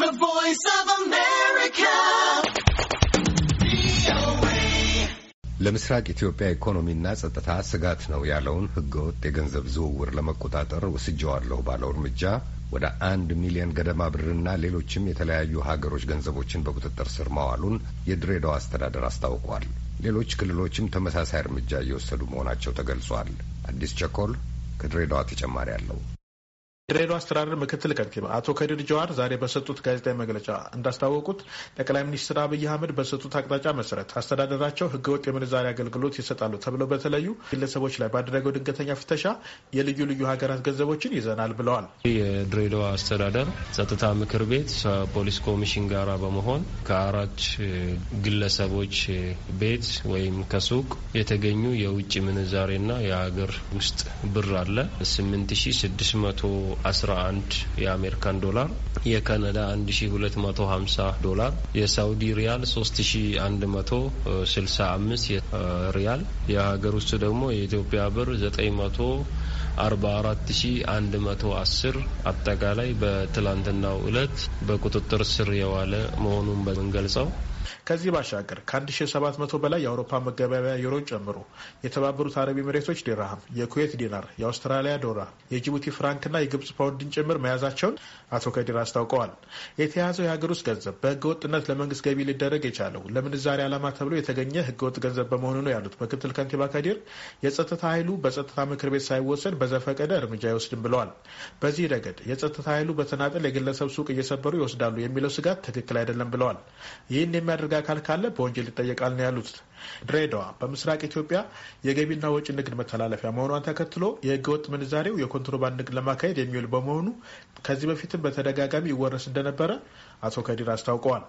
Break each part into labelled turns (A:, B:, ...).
A: The Voice of America.
B: ለምስራቅ ኢትዮጵያ ኢኮኖሚና ጸጥታ ስጋት ነው ያለውን ህገወጥ የገንዘብ ዝውውር ለመቆጣጠር ወስጀዋለሁ ባለው እርምጃ ወደ አንድ ሚሊዮን ገደማ ብርና ሌሎችም የተለያዩ ሀገሮች ገንዘቦችን በቁጥጥር ስር ማዋሉን የድሬዳዋ አስተዳደር አስታውቋል። ሌሎች ክልሎችም ተመሳሳይ እርምጃ እየወሰዱ መሆናቸው ተገልጿል። አዲስ ቸኮል ከድሬዳዋ ተጨማሪ አለው።
C: የድሬዳዋ አስተዳደር ምክትል ከንቲባ አቶ ከዲር ጀዋር ዛሬ በሰጡት ጋዜጣዊ መግለጫ እንዳስታወቁት ጠቅላይ ሚኒስትር አብይ አህመድ በሰጡት አቅጣጫ መሰረት አስተዳደራቸው ህገወጥ የምንዛሪ አገልግሎት ይሰጣሉ ተብለው በተለዩ ግለሰቦች ላይ ባደረገው ድንገተኛ ፍተሻ የልዩ ልዩ ሀገራት ገንዘቦችን ይዘናል ብለዋል።
A: የድሬዳዋ አስተዳደር ጸጥታ ምክር ቤት ከፖሊስ ኮሚሽን ጋራ በመሆን ከአራት ግለሰቦች ቤት ወይም ከሱቅ የተገኙ የውጭ ምንዛሬና የሀገር ውስጥ ብር አለ 8600 11 የአሜሪካን ዶላር፣ የካናዳ 1250 ዶላር፣ የሳውዲ ሪያል 3165 ሪያል፣ የሀገር ውስጥ ደግሞ የኢትዮጵያ ብር 944110 አጠቃላይ በትላንትናው እለት በቁጥጥር ስር የዋለ መሆኑን በምንገልጸው
C: ከዚህ ባሻገር ከ1700 በላይ የአውሮፓ መገበያያ ዩሮን ጨምሮ የተባበሩት አረብ ኤምሬቶች ዲራሃም፣ የኩዌት ዲናር፣ የአውስትራሊያ ዶላር፣ የጅቡቲ ፍራንክና የግብጽ ፓውንድን ጭምር መያዛቸውን አቶ ከዲር አስታውቀዋል። የተያዘው የሀገር ውስጥ ገንዘብ በህገ ወጥነት ለመንግስት ገቢ ሊደረግ የቻለው ለምንዛሬ ዓላማ ተብሎ የተገኘ ህገወጥ ገንዘብ በመሆኑ ነው ያሉት ምክትል ከንቲባ ከዲር የጸጥታ ኃይሉ በጸጥታ ምክር ቤት ሳይወሰድ በዘፈቀደ እርምጃ አይወስድም ብለዋል። በዚህ ረገድ የጸጥታ ኃይሉ በተናጠል የግለሰብ ሱቅ እየሰበሩ ይወስዳሉ የሚለው ስጋት ትክክል አይደለም ብለዋል። ይህን የሚያደርግ ጉዳይ አካል ካለ በወንጀል ይጠየቃል ነው ያሉት። ድሬዳዋ በምስራቅ ኢትዮጵያ የገቢና ወጪ ንግድ መተላለፊያ መሆኗን ተከትሎ የህገወጥ ምንዛሬው የኮንትሮባንድ ንግድ ለማካሄድ የሚውል በመሆኑ ከዚህ በፊትም በተደጋጋሚ ይወረስ እንደነበረ አቶ ከዲር አስታውቀዋል።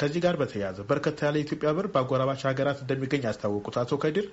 C: ከዚህ ጋር በተያያዘ በርከት ያለ የኢትዮጵያ ብር በአጎራባች ሀገራት እንደሚገኝ ያስታወቁት አቶ ከዲር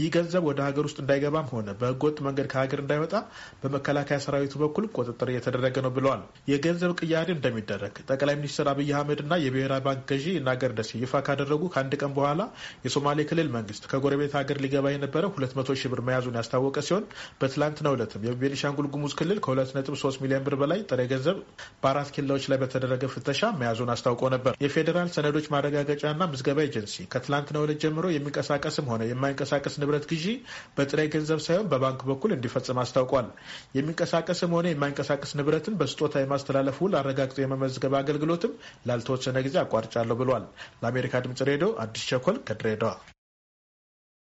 C: ይህ ገንዘብ ወደ ሀገር ውስጥ እንዳይገባም ሆነ በህገወጥ መንገድ ከሀገር እንዳይወጣ በመከላከያ ሰራዊቱ በኩል ቁጥጥር እየተደረገ ነው ብለዋል። የገንዘብ ቅያሬ እንደሚደረግ ጠቅላይ ሚኒስትር አብይ አህመድና የብሔራዊ ባንክ ገዢ ይናገር ደሴ ይፋ ካደረጉ ከአንድ ቀን በኋላ የሶማ የሶማሌ ክልል መንግስት ከጎረቤት ሀገር ሊገባ የነበረ 200 ሺህ ብር መያዙን ያስታወቀ ሲሆን በትላንትናው ዕለትም የቤኒሻንጉል ጉሙዝ ክልል ከ2.3 ሚሊዮን ብር በላይ ጥሬ ገንዘብ በአራት ኬላዎች ላይ በተደረገ ፍተሻ መያዙን አስታውቆ ነበር። የፌዴራል ሰነዶች ማረጋገጫና ምዝገባ ኤጀንሲ ከትላንትናው ዕለት ጀምሮ የሚንቀሳቀስም ሆነ የማይንቀሳቀስ ንብረት ግዢ በጥሬ ገንዘብ ሳይሆን በባንክ በኩል እንዲፈጽም አስታውቋል። የሚንቀሳቀስም ሆነ የማይንቀሳቀስ ንብረትን በስጦታ የማስተላለፍ ውል አረጋግጦ የመመዝገብ አገልግሎትም ላልተወሰነ ጊዜ አቋርጫለሁ ብሏል። ለአሜሪካ ድምጽ ሬዲዮ አዲስ ቸኮል ከድሬዳዋ